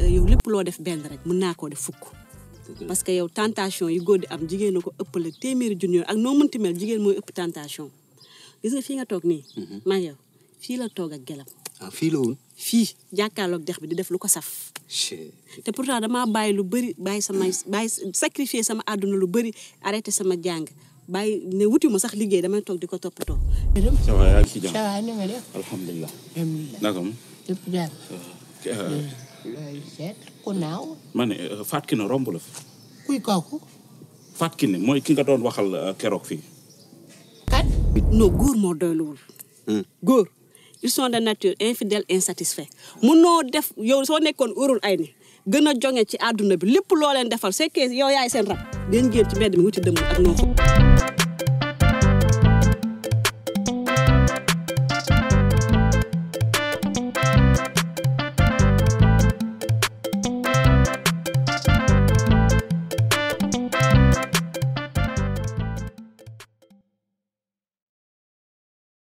Euh, yow lépp loo def benn rek mun naa koo def fukk parce que yow tentation yi góor di am jigéen a ko ëppale téeméeri junni ak noo mënti mel jigéen mooy ëpp tentation gis nga fii nga toog nii mhm. maa yow fii la toog ak gelam ah, fii la woon fii jàkkaarloog dex bi di def lu ko saf te taa damaa bàyyi lu bëri bàyyi sama bàyyi sacrifier sama àdduna lu bëri arrêté sama jàng bàyyi ne wuti ma sax liggéey damay toog di ko toppatoo. ça va yaa ngi ci jàmm ça va ni nga euh, euh, euh, romb la fi. kuy kooku. Fatou Kiné mooy ki nga doon waxal keroog fii. kat. non góor moo doyluwul. Hmm. góor ils sont de nature infidèle insatisfait munoo def yow soo nekkoon urul ay ni gën a jonge ci àdduna bi lépp loo leen defal c'est que yow yaay seen rab ngeen génn ci mbedd mi wuti dem ak noonu.